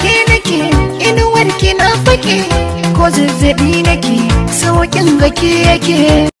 ke nake inuwar ki na fake ko zazzabi nake sauƙin gake yake